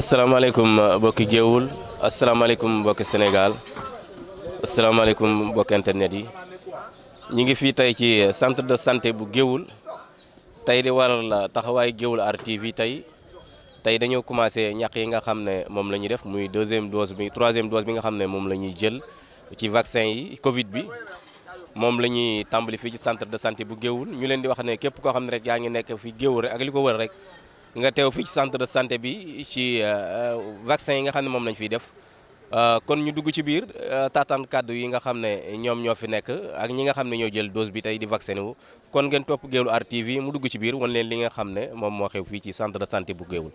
asalaamaaleykum euh, mbokki géewul asalaamaaleykum mbokki Sénégal asalaamaaleykum mbokki internet yi ñu ngi fii tey ci euh, centre de santé bu géewul tey di waral euh, taxawaay géewul Art TV tey tey dañoo commencé ñàq yi nga xam ne moom la ñuy def muy deuxième dose bi troisième dose bi nga xam ne moom la ñuy jël ci vaccin yi Covid bi moom la ñuy tàmbali fii ci centre de santé bu géewul ñu leen di wax ne képp koo xam ne rek yaa ngi nekk fi géewul rek ak li ko war rek nga teew fii ci centre de santé bi ci euh, euh, vaccin yi nga xam ne moom lañ fiy def euh, kon ñu dugg ci biir taataan kàddu yi nga xam ne ñoom ñoo fi nekk ak ñi nga xam ne ñoo jël dose bi tey di vacciné wu kon ngeen topp Géewul Art mu dugg ci biir wan leen li nga xam ne moom moo xew fii ci centre de santé bu Géewul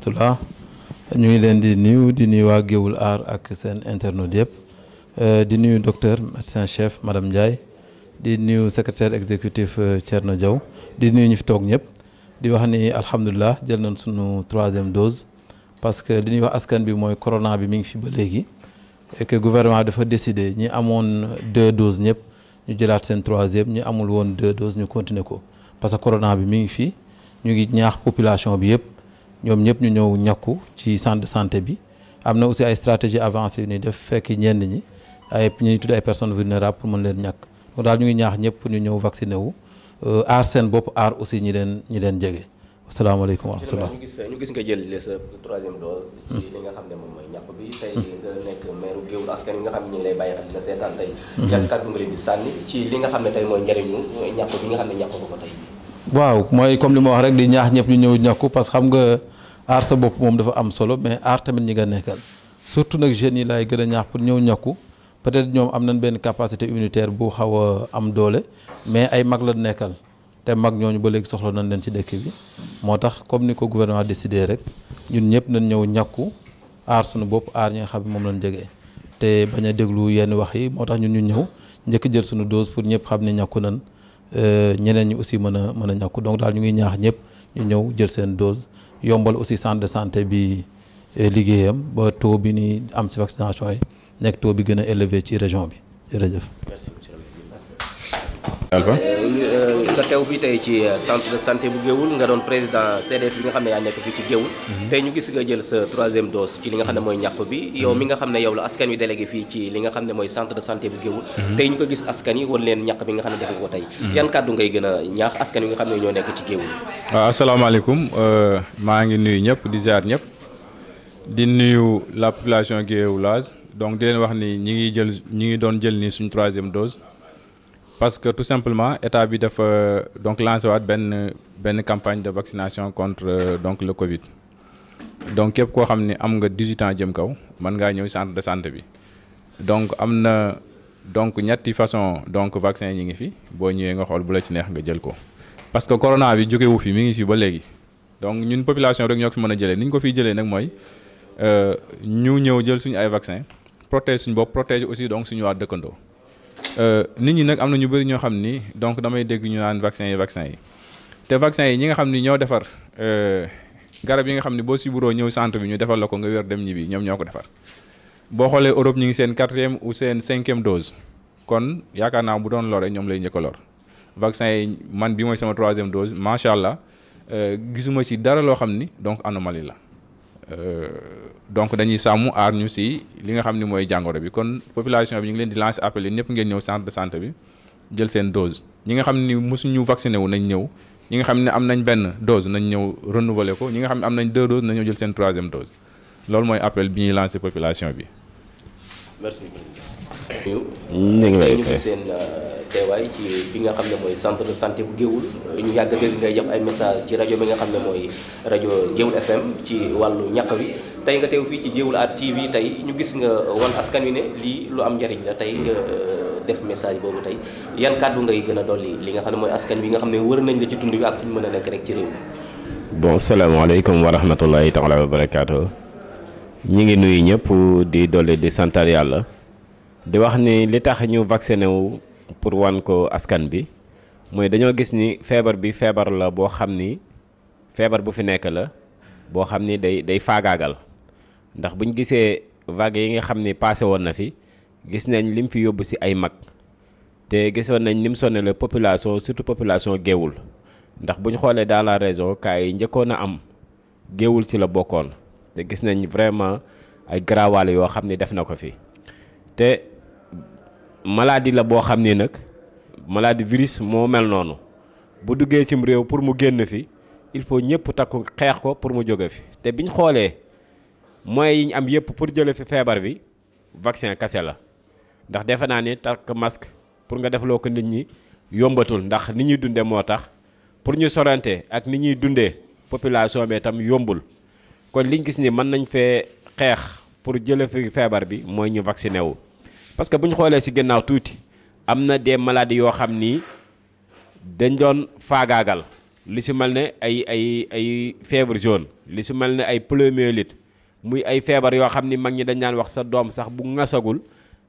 rahmatullah ñu ngi leen di nuyu di nuyu waa Géewul ak seen internautes yëpp eh, di nuyu docteur médecin chef madame Ndiaye di nuyu secrétaire exécutif eh, Thierno Diaw di nuyu ñu fi toog ñëpp di wax ni alhamdulilah jël nañ sunu troisième dose parce que li wax askan bi mooy corona bi mi ngi fi ba léegi et que gouvernement dafa décider ñi amoon deux doses ñëpp ñu jëlaat seen troisième ñi amul woon deux doses ñu continuer ko parce que corona bi mu ngi fi ñu ngi ñaax population bi yëpp. ñoom ñëpp ñu ñëw ñakku ci centre de santé bi am na aussi ay stratégie avancée yu ñuy def fekk ñenn ñi ay ñuy tudd ay personnes vulnérables pour mën leen ñàkk ñu ngi ñaax ñëpp ñu ñëw vacciné wu euh, aar seen bopp aar ñi leen ñi leen jege asalaamaaleykum wa rahmatulah. ñu gis ñu gis nga jël sa euh, troisième dose. ci hmm. li nga xam ne moom mooy ñàkk bi. tey hmm. nga nekk maire Géoul askan wi nga xam ne ñu hmm. ko ko tey. waaw mooy comme li ma wax rek di ñaax ñëpp ñu ñëw ñàkku parce xam nga. aar sa bopp moom dafa am solo mais aar tamit ñi nga nekkal surtout nag jeunes yi laay gën a ñaax pour ñëw ñàkku peut-être ñoom am nañ benn capacité immunitaire bu xaw am doole mais ay mag la nekkal te mag ñooñu ba léegi soxla nañ leen ci dëkk bi moo tax comme ni ko gouvernement décidé rek ñun ñëpp nañ ñëw ñàkku aar sunu bopp aar ñi nga xam moom lañ jege te bañ a déglu yenn wax yi moo tax ñun ñu ñëw njëkk jël suñu dose pour ñëpp xam ne ñàkku nañ euh, ñeneen ñi aussi mën a mën a ñàkku donc daal ñu ngi ñaax ñëpp ñu ñëw jël seen dose yombal aussi cent de santé bi eh, liggéeyam ba taux bi ni am ci vaccination yi nekk taux bi gën a élevé ci région bi jërëjëf. Alpha nga teew fii tey ci euh, centre de santé bu Géoul nga doon président CDS bi nga xam ne yaa nekk fii ci Géoul mhm. tey ñu gis nga jël sa troisième dose ci li nga xam ne mooy ñàpp bi mhm. yow mi nga xam ne yow la askan wi délégué fii ci li nga xam ne mooy centre de santé bu Géoul mhm. tey ñu ko gis askan yi wan leen ñàq bi nga xam ne def ko tey yan kàddu ngay gën a ñaax askan wi nga xam ne ñoo nekk ci waa waaw asalaamaaleykum euh, maa ngi nuyu ñëpp di ziar ñëpp di nuyu la population géewulaase donc di leen wax ni ñi ngi jël ñi ngi doon jël ni suñu troisième dose parce que tout simplement état bi dafa euh, donc lancé waat benn benn de vaccination contre euh, donc le Covid donc képp koo xam ni am nga 18 jëm kaw mën ngaa ñëw centre de santé bi donc am na donc ñetti façon donc vaccin yi ngi fi boo ñëwee nga xool bu la ci neex nga jël ko parce que corona bi jógewu fi mi ngi fi ba léegi donc ñun population rek ñoo ko fi mën a jëlee ni ñu ko fiy jëlee nag mooy euh, ñu ñëw jël suñu ay vaccin protège suñu bopp protège aussi donc suñu waa dëkkandoo. Euh, nit ñi nag am na ñu bëri ñoo xam ni donc damay dégg ñu naan vaccin yi vaccin yi te vaccin yi ñi nga xam ni ñoo defar euh, garab yi nga xam ni boo siburoo ñëw centre bi ñu defal la ko nga wér dem ñibbi ñoom ñoo ko defar boo xoolee Europe ñu ngi seen quatrième ou seen cinquième dose kon yaakaar naa bu doon lore ñoom lay njëkk a lor vaccin yi man bi mooy sama troisième dose macha allah euh, gisuma ci dara loo xam ni donc anomalie la. Euh, donc dañuy sàmm aar ñu si li nga xam ni mooy jàngoro bi kon population bi ñu ngi leen di lancer appel yi ñëpp ngeen ñëw centre de santé bi jël seen dose ñi nga xam ni mosuñu vacciné wu nañ ñëw ñi nga xam ne am nañ benn dose nañ ñëw renouveler ko ñi nga xam ne am nañ deux doses nañ ñëw jël seen troisième dose loolu mooy appel bi ñuy lancer population bi. ñu ngi lay seen euh, teewaay ci fi nga xam ne mooy centre de santé bu Géoul ñu yàgg dégg ngay jëm ay message ci rajo bi nga xam ne mooy rajo Géoul FM ci wàllu ñàkk wi tey nga teew fii ci Géoul at TV tey ñu gis nga wan askan wi ne lii lu am njariñ la tey nga euh, def message boobu tey yan kàddu ngay gën a dolli li nga xam ne mooy askan wi nga xam ne wër nañ la ci tund bi ak fi ñu mën a nekk rek ci réew mi. bon salaamaaleykum wa rahmatullahi taala wa barakaatu. ñi ngi nuyu ñëpp di dolli di santar yàlla. di wax ni li tax ñu vacciné wu pour wan ko askan bi mooy dañoo gis ni feebar bi feebar la boo xam ni feebar bu fi nekk la boo xam ni day day faagaagal ndax buñ gisee vague yi nga xam ni passé woon na fi gis nañ lim fi yóbbu ci ay mag te gisoon nañ lim sonnale population surtout population géewul ndax bu xoolee dans la région yi njëkkoon a am géewul ci la bokkoon te gis nañ vraiment ay garawaale yoo xam ni def na ko fi. te maladie la boo xam ne nag maladie virus moo mel noonu bu duggee cim réew pour mu génn fi il faut ñëpp takku xeex ko pour mu jóge fi te biñ xoolee moyens yi ñu am yëpp pour jële fi feebar bi vaccin kase la ndax defe naa ni takk masque pour nga defloo ko nit ñi yombatul ndax ni ñuy dundee moo tax pour ñu sorante ak ni ñuy dundee population bi tam yombul kon liñ gis ni mën nañ fee xeex pour jële fi feebar bi mooy ñu vacciné wu parce que bu ñu xoolee si ginnaaw tuuti am na des maladies yoo xam nii dañ doon faagaagal lu si mel ne ay ay ay feebar jaune li si mel ne ay poliomyélite muy ay feebar yoo xam ni mag ñi dañ daan wax sa doom sax bu ŋasagul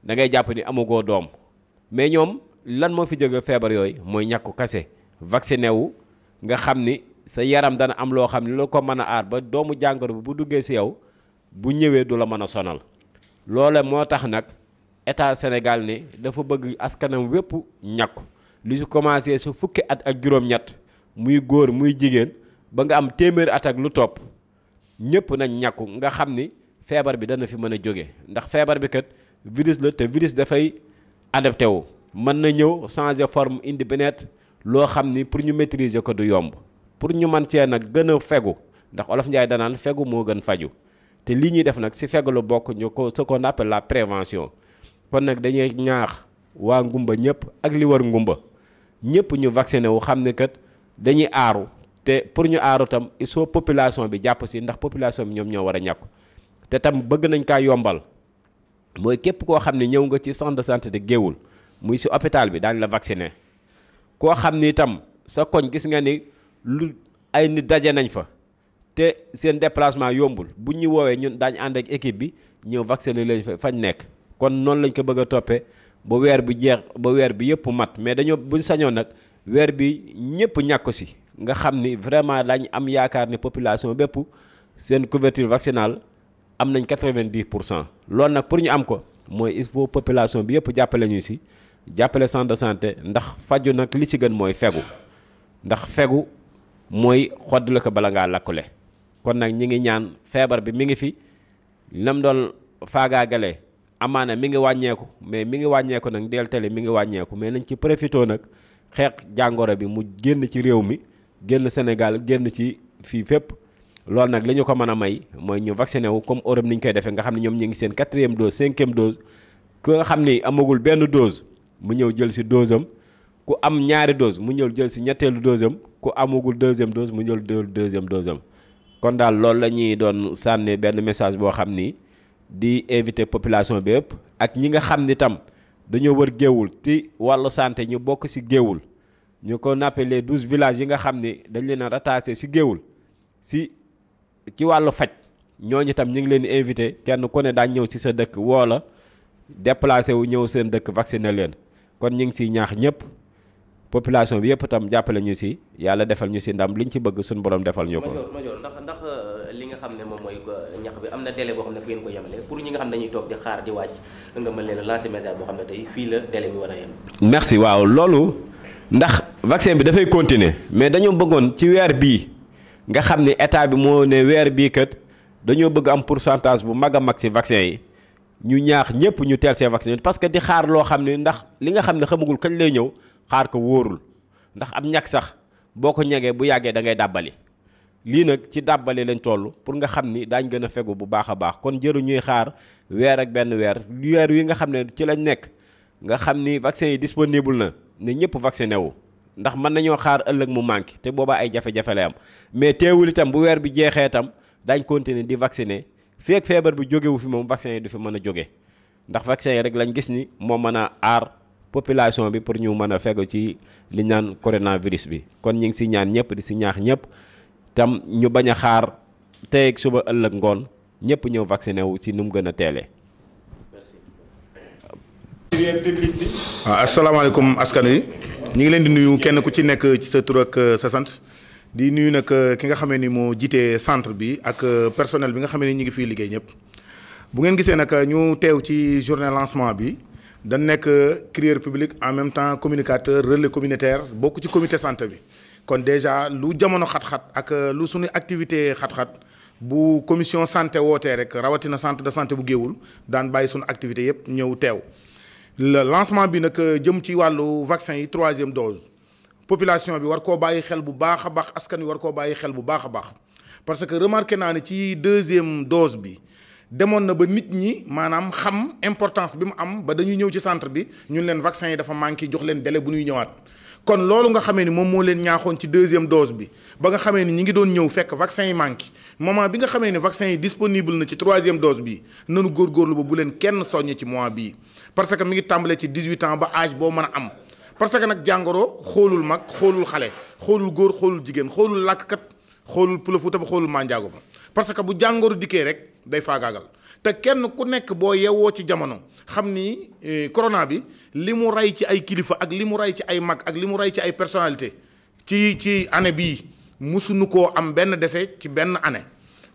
da ngay jàpp ni amagoo doom mais ñoom lan moo fi jóge feebar yooyu mooy ñàkku kase vacciné wu nga xam ni sa yaram dana am loo xam ni lu ko mën a aar ba doomu jàngoro bi bu duggee si yow bu ñëwee du la mën a sonal loole moo tax nag état Sénégal ne dafa bëgg askanam wépp ñàkku lu su commencé su fukki at ak juróom-ñett muy góor muy jigéen ba nga am téeméeri at ak lu topp ñëpp nañ ñàkku nga xam ni feebar bi dana fi mën a jóge ndax feebar bi kat virus la te virus dafay adapté wu mën na ñëw changer forme indi beneet loo xam ni pour ñu maîtriser ko du yomb pour ñu man cee nag gën a fegu ndax olof Njaay danaan fegu moo gën faju te lii ñuy def nag si feggalu bokk ñu ko ce qu'on appelle la prévention kon nag dañuy ñaax waa ngumba ñëpp ak li war ngumba ñëpp ñu vacciné wu xam ne kat dañuy aaru te pour ñu aaru tam il faut population bi jàpp si ndax population bi ñoom ñoo war a ñàkk te tam bëgg nañ kaa yombal mooy képp koo xam ne ñëw nga ci centre de santé de géewul muy si hôpital bi daañu la vacciné koo xam ni itam sa koñ gis nga ni lu ay nit daje nañ fa te seen déplacement yombul bu ñuy woowee ñun daañ ànd ak équipe bi ñëw vacciner leen fañ nekk kon noonu lañ ko bëgg a toppee ba weer bi jeex ba weer bi yëpp mat mais dañoo buñ sañoon nag weer bi ñëpp ñàkk si nga xam ni vraiment daañ am yaakaar ne population bépp seen couverture vaccinale am nañ quatre-vingt-dix pour cent loolu nag pour ñu am ko mooy il faut population bi yëpp jàppale ñu si jàppale centre de santé ndax faju nag li ci gën mooy fegu ndax fegu mooy xodd la ko bala lakkule kon nag ñi ngi ñaan feebar bi mi ngi fi nam doon faagaagale amaana mi ngi wàññeeku mais mi ngi wàññeeku nag ndeeltali mi ngi wàññeeku mais nañ ci profité nag xeex jàngoro bi mu génn ci réew mi génn Sénégal génn ci fii fépp. loolu nag li ñu ko mën a may mooy ñu vacciné wu comme Europe ni ñu koy defee nga xam ne ñoom ñu ngi seen quatrième dose cinquième dose ku nga xam ni amagul benn dose mu ñëw jël si dose am ku am ñaari dose mu ñëw jël si ñetteelu dose ku amagul deuxième dose mu ñëw jël deuxième dose kon daal loolu la ñuy doon sànni benn message boo xam ni di invité population bi yëpp ak ñi nga xam ni tam dañoo wër géewul ti wàllu santé ñu bokk ci géewul ñu ko nappele les douze villages yi nga xam ni dañ leen a rattaché ci géewul si ci wàllu faj ñooñu tam ñu ngi leen di invité kenn ku ne daañ ñëw ci sa dëkk woo la wu ñëw seen dëkk na leen kon ñu ngi si ñaax ñëpp population bi yëpp itam jàppale ñu si yàlla defal ñu si ndam ñu ci bëgg suñu borom defal ñu ko. major ndax ndax euh, li nga xam ne moom mooy ñax bi am na délai boo xam ne fi ngeen ko yemale pour ñi nga xam ne dañuy toog di xaar mën leen a lancer boo xam ne tey fii la délai bi war merci waaw loolu ndax vaccin bi dafay continuer mais dañoo bëggoon ci weer bii nga xam ne état bi moo ne weer bii kat dañoo bëgg am pour centage bu mag a mag ci vaccin yi. ñu ñaax ñëpp ñu teel seen vaccin parce que di xaar loo xam ne ndax li nga xam ne xamagul kañ lay ñëw xaar ko wóorul ndax am ñag sax boo ko ñegee bu yàggee da ngay dàbbali lii nag ci dàbbali lañ toll pour nga xam ni daañ gën a fegu bu baax a baax kon jëru ñuy xaar weer ak benn weer weer wi nga xam ne ci lañ nekk nga xam ni vaccin yi disponible na ne ñëpp vacciné wu ndax mën nañoo xaar ëllëg mu manqué te boobaa ay jafe-jafe lay am mais teewul itam bu weer bi jeexee itam daañ continuer di vacciner feek feebar bi jógewu fi moom vaccin yi du fi mën a jóge ndax vaccin yi rek lañ gis ni moo mën a aar population bi pour ñu mën a fegu ci li naan coronavirus bi kon ñu ngi si ñaan ñëpp di si ñaax ñëpp tam ñu bañ a xaar tey suba ëllëg ngoon ñëpp ñëw vacciné wu ci nu mu gën a teelee. waaw ah, asalaamaaleykum askan ñu ngi leen di nuyu kenn ku ci nekk ci sa tur ak sa sant di nuyu nag eh, ki nga xamee ni moo jiite centre bi ak eh, personnel bi nga xamee ni ñu ngi fiy liggéey ñëpp bu ngeen gisee nag eh, ñu teew ci journée lancement bi. da nekk crieur public en même temps communicateur relais communautaire bokk ci comité santé bi kon déjà lu jamono xat-xat ak euh, lu suñu activité xat-xat bu commission santé woote rek rawatina centre de santé bu géewul daan bàyyi suñu activité yëpp ñëw teew le lancement bi nag euh, jëm ci wàllu vaccin yi troisième dose population bi war koo bàyyi xel bu baax a baax askan wi war koo bàyyi xel bu baax a baax parce que remarqué naa ne ci deuxième dose bi demoon na ba nit ñi maanaam xam importance bi mu am ba dañu ñëw ci centre bi ñun leen vaccin yi dafa manqué jox leen délai bu ñuy ñëwaat kon loolu nga xamee ni moom moo leen ñaaxoon ci deuxième dose bi ba nga xamee ni ñi ngi doon ñëw fekk vaccin yi manqué moment bi nga xamee ni vaccin yi disponible na ci troisième dose bi nanu góorgóorlu ba bu leen kenn soññ ci mois bi parce que mi ngi tàmbalee ci 18 ans ba âge boo mën a am parce que nag jàngoro xoolul mag xoolul xale xoolul góor xoolul jigéen xoolul làkkat xoolul pulafuuta ba xoolul manjaago ba parce que bu jàngoro dikkee rek day faagaagal te kenn ku nekk boo yewwoo ci jamono xam ni eh, corona bi li mu rey ci ay kilifa ak li mu rey ci ay mag ak li mu rey ci ay personnalité ci ci année bii musuñu koo am benn dese ci benn année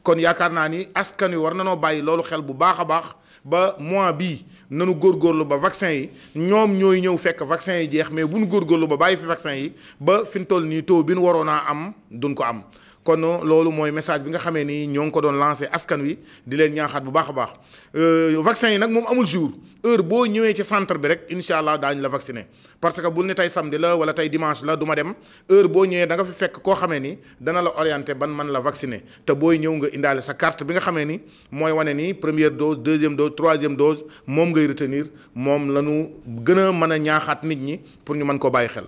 kon yaakaar naa ni askan wi war nanoo bàyyi loolu xel bu baax a baax ba mois bii nanu góor góorlu ba vaccin yi ñoom ñooy ñëw fekk vaccin yi jeex mais bu nu góorlu ba bàyyi fi vaccin yi ba fi mu toll nii taux bi nu waroon a am duñ ko am kon loolu mooy message bi nga xamee ni ñoo ngi ko doon lancé askan wi di leen ñaaxaat bu baax a baax euh, vaccin yi nag moom amul jour heure boo ñëwee ci centre bi rek incha allah daañu la vacciner parce que bul ne tey samedi la wala tey dimanche la duma dem heure boo ñëwee danga nga fi fekk koo xamee ni dana la orienté ban man la vacciner te booy ñëw nga indaale sa carte bi nga xamee ni mooy wane ni première dose deuxième dose troisième dose moom ngay retenir moom la ñu gën a mën a ñaaxaat nit ñi pour ñu mën ko bàyyi xel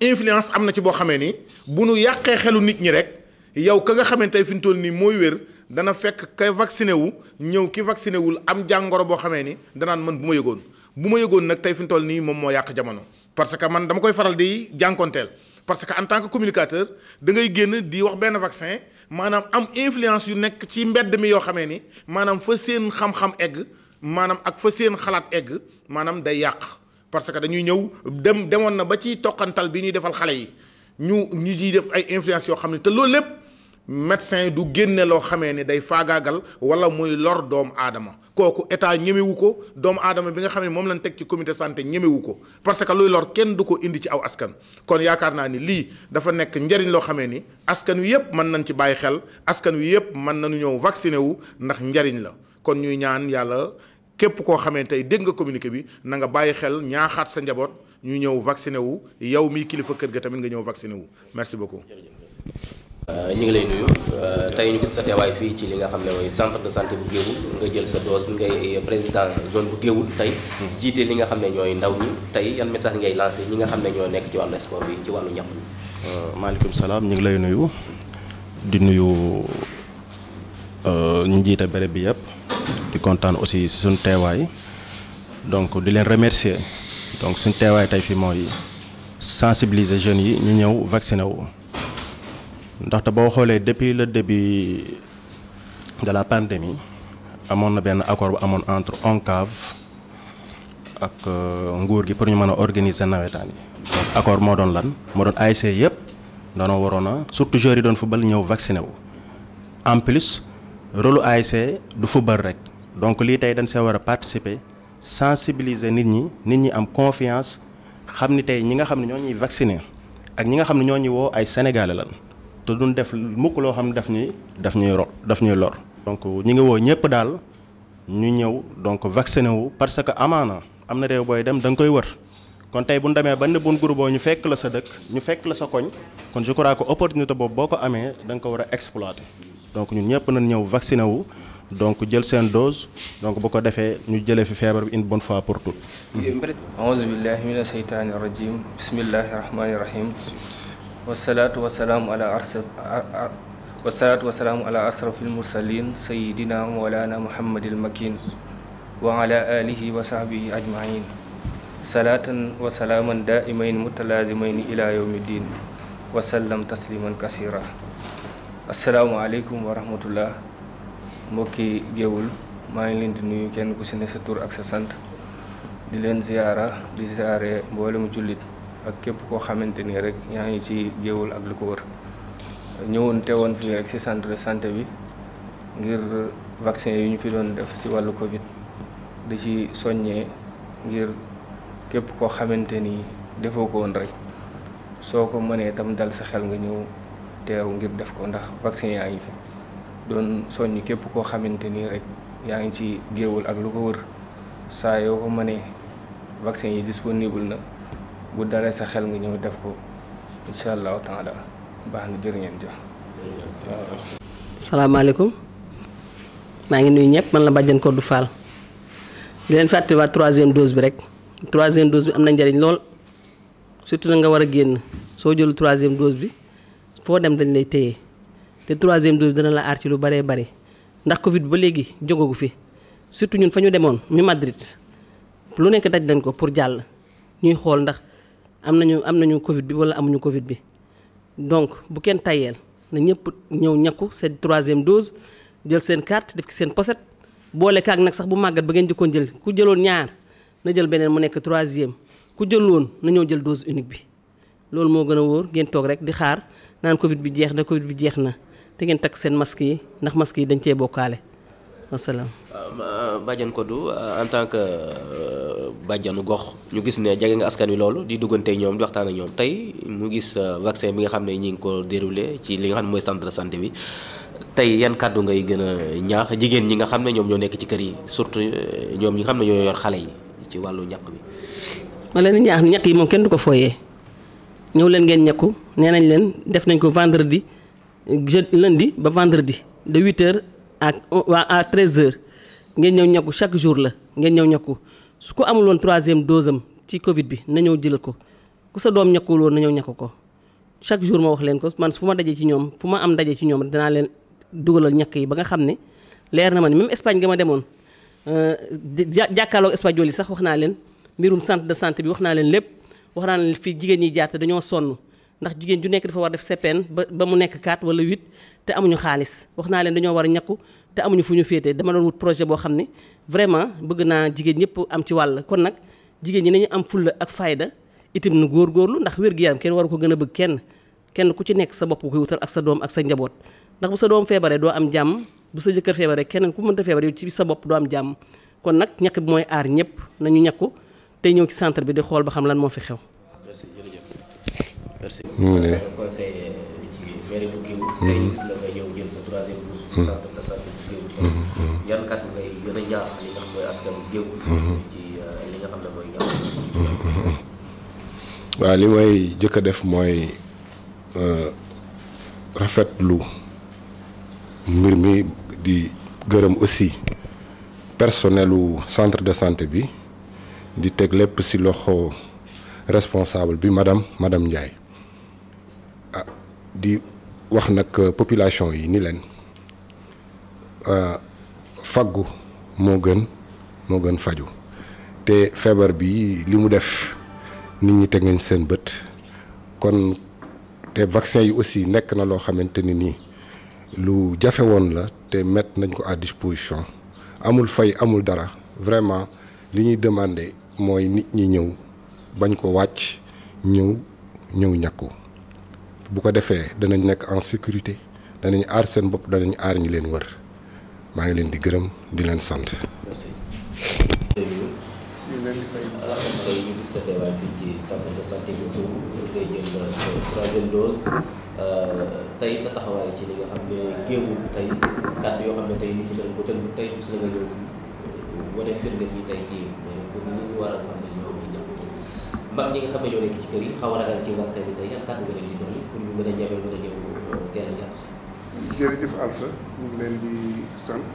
influence am na ci boo xamee ni bu nu yàqee xelu nit ñi rek yow ka nga xamee tey fi mu toll nii mooy wér dana fekk ka vacciné wu ñëw ki vacciné wul am jàngoro boo xamee ni danaan man bu ma yëgoon bu ma yëgoon nag tey fi mu toll nii moom moo yàq jamono. parce que man dama koy faral di jànkonteel parce que en tant que communicateur da ngay génn di wax benn vaccin maanaam am influence yu nekk ci mbedd mi yoo xamee ni maanaam fa seen xam-xam egg maanaam ak fa seen xalaat egg maanaam day yàq. parce que dañuy ñëw dem demoon na ba ci toqantal bi ñuy defal xale yi ñu ñu ciy def ay influence yoo xam ne te loolu lépp médecin du génne loo xamee ne day faagaagal wala muy lor doomu aadama kooku état ñemewu ko doomu aadama bi nga xam ne moom lañ teg ci comité santé ñemewu ko parce que luy lor kenn du ko indi ci aw askan kon yaakaar naa ni lii dafa nekk njëriñ loo xamee ni askan wi yëpp mën nañ ci bàyyi xel askan wi yëpp mën nañu ñëw vacciné wu ndax njëriñ la képp koo xamee tey dégg nga communiqué bi nanga bàyyi xel ñaaxaat sa njaboot ñu ñëw vacciné wu yow mii kilifa kër ga tamit nga ñëw vacciné wu merci beaucoup. Euh, ñu ngi lay nuyu euh, tey ñu sa teewaay fii ci li nga xam ne mooy centre de santé bu nga jël sa dose ngay euh, président zone bu Géoul tey. Hmm. jiite li nga xam ne ñooy ndaw ñi tey yan message ngay lancé ñi nga xam ne ñoo nekk ci wàllu sport bi ci wàllu ñam mi. maaleykum salaam ñu ngi lay nuyu di nuyu ñu jiite béréb bi yëpp. di kontaan aussi si suñu teewaay donc di leen remercier donc suñ teewaay tey fii mooy sensibiliser jeunes yi ñu ñëw vacciné wu. ndaxte boo xoolee depuis le début de la pandémie amoon na benn accord bu amoon entre ONCAV ak euh, nguur gi pour ñu mën a organiser nawetaan yi donc accord moo doon lan moo doon ASC yëpp dañoo waroon a surtout joueurs yi doon football ñëw vacciné wu en plus. rôle ASC du fu football rek donc lii tey dañ see war a participer sensibiliser nit ñi nit ñi am confiance xam ni tey ñi nga xam ne ñoo ñuy vacciner ak ñi nga xam ne ñoo ñuy woo ay sénégalais lan te duñ def mukk loo xam ne daf ñuy daf ñuy ro daf ñuy lor. donc ñi ngi woo ñëpp daal ñu ñëw donc vacciné wu parce que amaana am na réew booy dem da nga koy wër. kon tey bu ñu demee ba ne buñ groupe ñu fekk la sa dëkk ñu fekk la sa koñ kon je crois que opportunité boobu boo ko amee danga ko war a exploiter. donc ñun ñëpp nañ ñëw vacciné wu donc jël seen dose donc bu ko defee ñu jëlee fi feebar bi une bonne fois pour toutes. aouzu billahi mina sheytaani rajim bismillahi rahmaani rahim wasalaatu wasalaamu ala arsaf wasalaatu wasalaamu ala asrafil mursalin sayidina mawlana muhammadil makin wa alihi wa sahbihi ajmain salaatan wa salaaman daimayn mutalazimayn ila yawmi din wa sallam tasliman kasira asalaamaaleykum wa rahmatullah mbokki géewul maa ngi leen di nuyu kenn ku si ne sa tur ak sa sant di leen ziyaara di ziyaare mboole mu jullit ak képp koo xamante ni rek ñaa ngi ci géewul ak lu ko wër ñëwoon teewoon fii rek ci centre de santé bi ngir vaccin yi ñu fi doon def ci wàllu Covid di ci soññee ngir képp koo xamante ni defoo ko woon rek soo ko mënee tam dal sa xel nga ñëw. teew ngir def ko ndax vaccin yaa ngi fi doon soññ képp koo xamante ni rek yaa ngi ci géewul ak lu ko wër saa yoo ko mënee vaccin yi disponible na bu daree sa xel nga ñëw def ko incha allahu taala baax na jërë ngeen jëf. salaamaaleykum maa ngi nuyu ñëpp man la bàjjen ko du di leen fàttaliwaat troisième dose bi rek troisième dose bi am na njariñ lool surtout na nga war a génn soo jël troisième dose bi. foo dem dañ lay téye te troisième dose dina la aar ci lu bëree bëri ndax Covid ba léegi jógagu fi surtout ñun fa ñu demoon mi Madrid lu nekk daj nañ ko pour jàll ñuy xool ndax am nañu am nañu Covid bi wala amuñu Covid bi donc bu kenn tayeel na ñëpp ñëw ñakku seen troisième dose jël seen carte def ci seen poset boole kaag nag sax bu màggat ba ngeen jëkkoon jël ku jëloon ñaar na jël beneen mu nekk troisième ku jëloon na ñëw jël dose unique bi loolu moo gën a wóor ngeen rek di xaar. naan Covid bi jeex na te ngeen takk seen masque yi ndax masque yi dañ cee bokkaale wasalaam. Euh, Badiane Codou euh, en tant que euh, bàjjanu gox ñu gis ne jege nga askan wi loolu di duggante ñoom di waxtaan ak ñoom tey mu gis vaccin bi nga xam ne ñi ngi ko déroulé ci li nga xam ne mooy centre de santé bi tey yan kàddu ngay gën a ñaax jigéen ñi nga xam ne ñoom ñoo nekk ci kër yi surtout ñoom ñi nga xam ne ñoo yor xale yi ci wàllu ñàkk bi. ma leen ñaax ñàkk yi moom kenn du ko ñëw leen ngeen ñekku nee nañ leen def nañ ko vendredi jeudi lundi ba vendredi de huit heures à waa à treize heures ngeen ñëw ñekku chaque jour la ngeen ñëw ñekku su ko amul woon troisième dose ci Covid bi na ñëw jëlal ko ku sa doom ñekkul woon na ñëw ñekku ko chaque jour ma wax leen ko man fu ma dajee ci ñoom fu ma am dajee ci ñoom danaa leen dugalal ñekk yi ba nga xam ne leer na ma ne même Espagne ga ma demoon euh, jàkkaarloog Espagnol yi sax wax naa leen mbirum centre de santé bi wax naa leen lépp. wax naa ne fii jigéen ñi jaate dañoo sonn ndax jigéen ju nekk dafa war def CPN ba ba mu nekk kaat wala 8 te amuñu xaalis wax naa leen dañoo war a ñakku te amuñu fu ñu féetee dama doon wut projet boo xam ne vraiment bëgg naa jigéen ñëpp am ci wàll kon nag jigéen ñi nañu am fulla ak fayda itam nu góorlu ndax wér-gi-yaram kenn waru ko gën a bëgg kenn kenn ku ci nekk sa bopp koy wutal ak sa doom ak sa njaboot ndax bu sa doom feebaree doo am jàmm bu sa jëkkër feebaree keneen ku mënta feebar yow ci sa bopp doo jàmm kon nag ñàkk bi mooy aar ñëpp nañu ñàkku tey ñëw ci centre bi di xool ba xam lan moo fi xew. merci euh, mm-hmm. mm-hmm. Mm-hmm. li mooy euh, jëkk a def mooy euh, rafetlu mbir mi di gërëm aussi personnelu centre de santé bi. di teg lépp ci loxo responsable bi madam madame Ndiaye ah di wax nag euh, population yi ni leen euh, faggu moo gën moo gën faju te feebar bi li mu def nit ñi teg nañ seen bët kon te vaccin yi aussi nekk na loo xamante ni nii lu jafe woon la te mettre nañ ko à disposition amul fay amul dara vraiment li ñuy demande mooy nit ñi ñëw bañ ko wàcc ñëw ñëw ñàkku bu ko defee danañ nekk en sécurité danañ aar seen bopp danañ aar ñi leen wër maa ngi leen di gërëm di leen sant. lu ñu war a xam ne ñoo ne ñoo ci kër yi xaw a ragal ci vaccin bi tey ak kàddu nga leen di dolli pour ñu mën a ñeme mën a jërëjëf Alpha ñu ngi leen di sant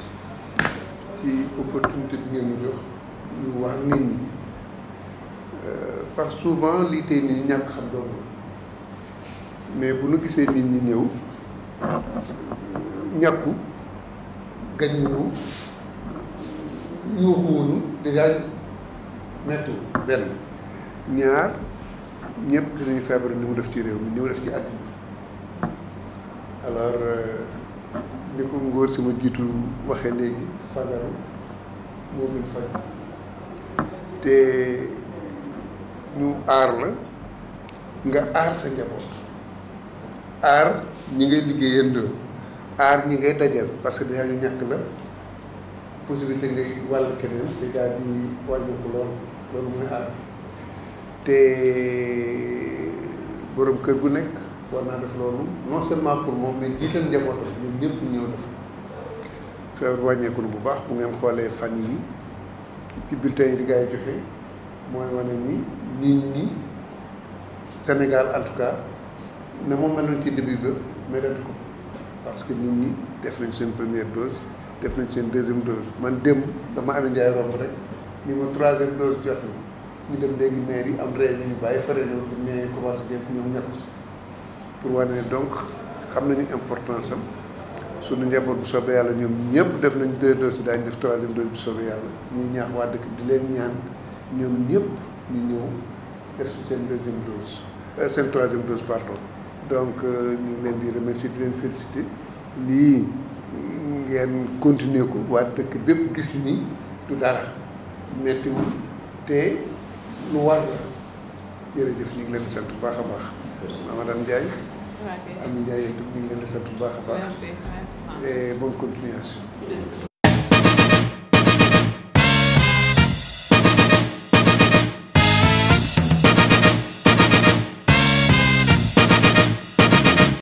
ci opportunité bi ngeen ñu jox ñu wax nit ñi eh, parce que souvent lii tey nit ñi ñàkk xam doomu mais bu nu gisee nit ñi ñëw ñàkku gaññu yuuxuwunu dèjà mettiwul benn ñaar ñëpp dinañu feebar ni mu def ci réew mi ni mu def ci àddina alors euh, ni ko ngóor si ma jiitu waxee léegi fagaru moo gën faj te ñu aar la nga aar sa njaboot aar ñi ngay liggéeyandoo aar ñi ngay dajal parce que déjà ñu ñàkk la possibilité ngay wàll keneen dèjà di wàññeeku lool loolu mooy aar te borom kër gu nekk war naa def loolu non seulement pour moom mais jiital njabootam ñun ñëpp ñëw def feebar wàññeeku bu baax bu ngeen xoolee fan yi ci bulletin yi di gars yi joxe mooy wane ni nit ñi Sénégal en tout cas na moom meloon ci début ba melatu ko parce que nit ñi def nañ seen première dose. def nañ seen deuxième dose man démb dama amee njaay romb rek ni ma troisième dose jox ñu dem léegi maire yi am réunion ñu bàyyi fare ñoom bi maire yi commencé jekk ñoom ñàkku si pour wane ne donc xam nañu importance am suñu njaboot bu soobee yàlla ñoom ñëpp def nañ deux doses daañu def troisième dose bu soobee yàlla ñuy ñaax waa dëkk di leen ñaan ñoom ñëpp ñu ñëw def seen deuxième dose euh, seen troisième dose pardon donc euh, ñu leen di remercier di leen féliciter ngeen continuer ko waa dëkk bépp gis ni du dara mettiwul te lu war la jërëjëf ñu ngi leen di sant bu baax a baax. Mamadou Ndiaye. waaw kay Amady Ndiaye ñu ngi leen di sant bu baax a baax. merci merci. continuation.